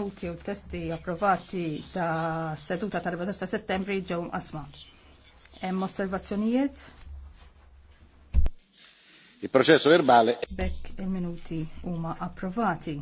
Noti u testi approvati ta' seduta ta' 14 settembri ġew asma. Hemm osservazzjonijiet? Il-proċess verbale. Bekk il-minuti huma approvati.